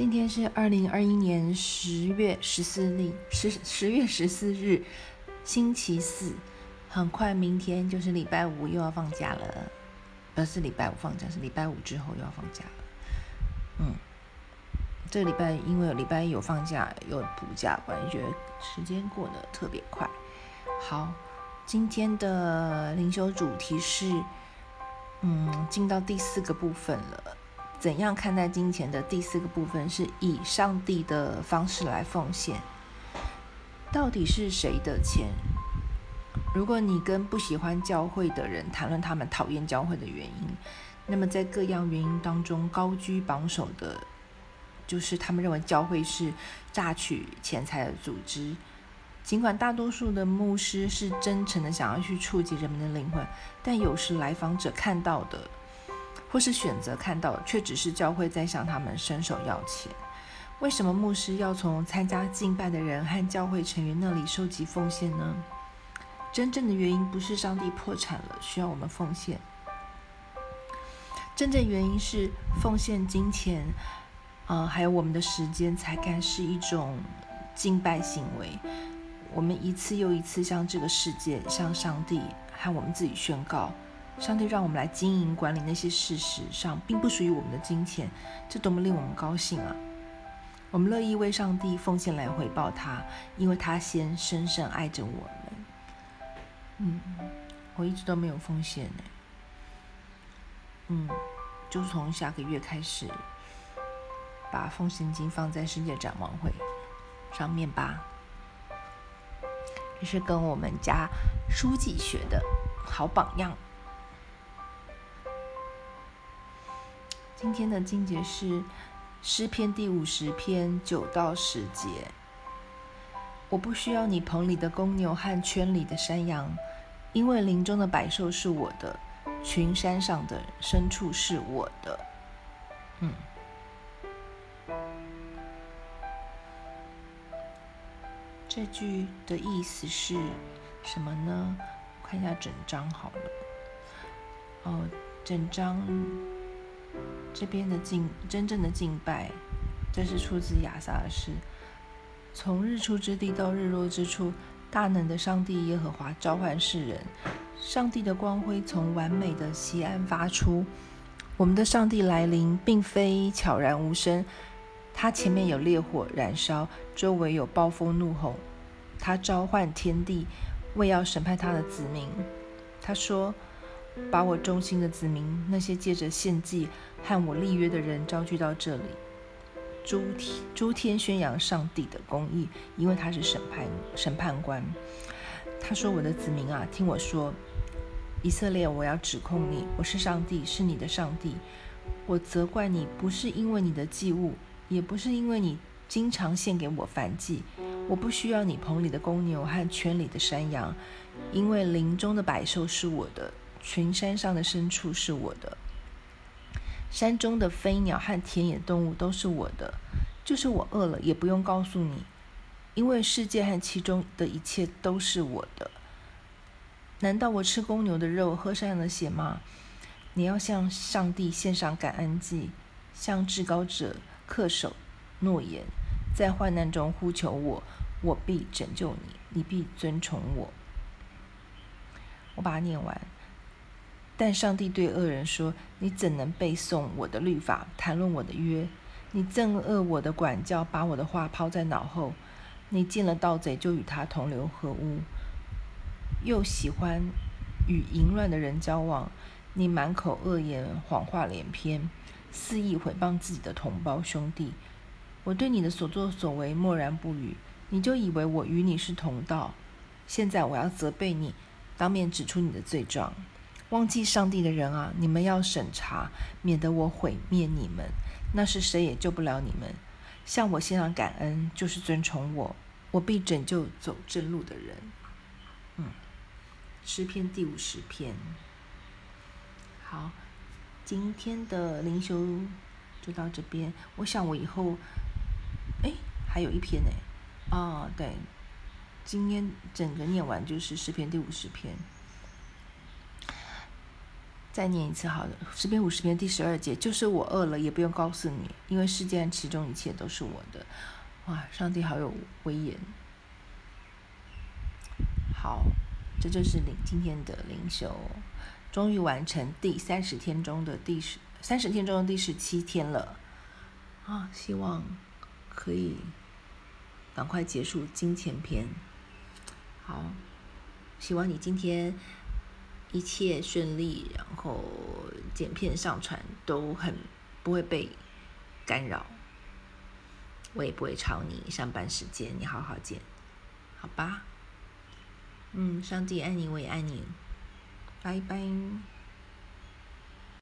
今天是二零二一年十月十四日，十十月十四日，星期四。很快明天就是禮拜五，又要放假了。不是禮拜五放假，是禮拜五之後又要放假了。嗯，這個禮拜因為禮拜一有放假有補假，感覺時間過得特別快。好，今天的靈修主題是，嗯，進到第四個部分了。怎樣看待金錢的第四個部分是以上帝的方式來奉獻。到底是誰的錢？如果你跟不喜歡教會的人談論他們討厭教會的原因，那麼在各樣原因當中高居榜首的，就是他們認為教會是榨取錢財的組織。儘管大多數的牧師是真誠地想要去觸及人們的靈魂，但有時來訪者看到的。或是選擇看到，卻只是教會在向他們伸手要錢。為什麼牧師要從參加敬拜的人和教會成員那裡收集奉獻呢？真正的原因不是上帝破產了，需要我們奉獻，真正原因是奉獻金錢，啊、呃，還有我們的時間、才幹，是一種敬拜行為。我們一次又一次向這個世界、向上帝和我們自己宣告。上帝讓我們來經營管理那些事實上並不屬於我們的金錢，這多麼令我們高興啊！我們樂意為上帝奉獻來回報他，因為他先深深愛着我們。嗯，我一直都沒有奉獻呢。嗯，就從下個月開始，把奉獻金放在世界展望會上面吧。這是跟我們家書記學的，好榜樣。今天的經節是詩篇第五十篇九到十節。我不需要你棚裡的公牛和圈裡的山羊，因為林中的百獸是我的，群山上的牲畜是我的。嗯，這句的意思是什麼呢？我看一下整章好了。哦，整章。這邊的敬，真正的敬拜，這是出自亞薩的詩。從日出之地到日落之處，大能的上帝耶和華召喚世人。上帝的光輝從完美的錫安發出。我們的上帝來臨，並非悄然無聲，他前面有烈火燃燒，周圍有暴風怒吼。他召喚天地，為要審判他的子民。他說。把我忠心的子民，那些借着獻祭和我立約的人招聚到這裡，諸天諸天宣揚上帝的公義，因為他是審判審判官。他說：“我的子民啊，聽我說，以色列，我要指控你。我是上帝，是你的上帝。我責怪你，不是因為你的祭物，也不是因為你經常獻給我燔祭。我不需要你棚裡的公牛和圈裡的山羊，因為林中的百獸是我的。”群山上的牲畜是我的，山中的飛鳥和田野動物都是我的。就是我餓了，也不用告訴你，因為世界和其中的一切都是我的。難道我吃公牛的肉，喝山羊的血嗎？你要向上帝獻上感恩祭，向至高者恪守諾言，在患難中呼求我，我必拯救你，你必尊崇我。我把它念完。但上帝對惡人說：“你怎能背誦我的律法，談論我的約？你憎惡我的管教，把我的話拋在腦後。你見了盜賊，就與他同流合污，又喜歡與淫亂的人交往。你滿口惡言，謊話連篇，肆意毀謗自己的同胞兄弟。我對你的所作所為默然不語，你就以為我與你是同道。現在我要責備你，當面指出你的罪狀。”忘記上帝的人啊，你們要審查，免得我毀滅你們。那是誰也救不了你們。向我獻上感恩，就是尊崇我。我必拯救走正路的人。嗯，詩篇第五十篇。好，今天的靈修就到這邊。我想我以後，哎，還有一篇呢。啊，對，今天整個念完就是詩篇第五十篇。再念一次，好的，詩篇五十篇第十二節，就是我餓了也不用告訴你，因為世界和其中一切都是我的。哇，上帝好有威嚴。好，這就是你今天的靈修，終於完成第三十天中的第十三十天中的第十七天了。啊、哦，希望可以趕快結束金錢篇。好，希望你今天，一切順利，然後剪片上傳都很不會被干擾，我也不會吵你上班時間，你好好剪，好吧？嗯，上帝愛你，我也愛你，拜拜。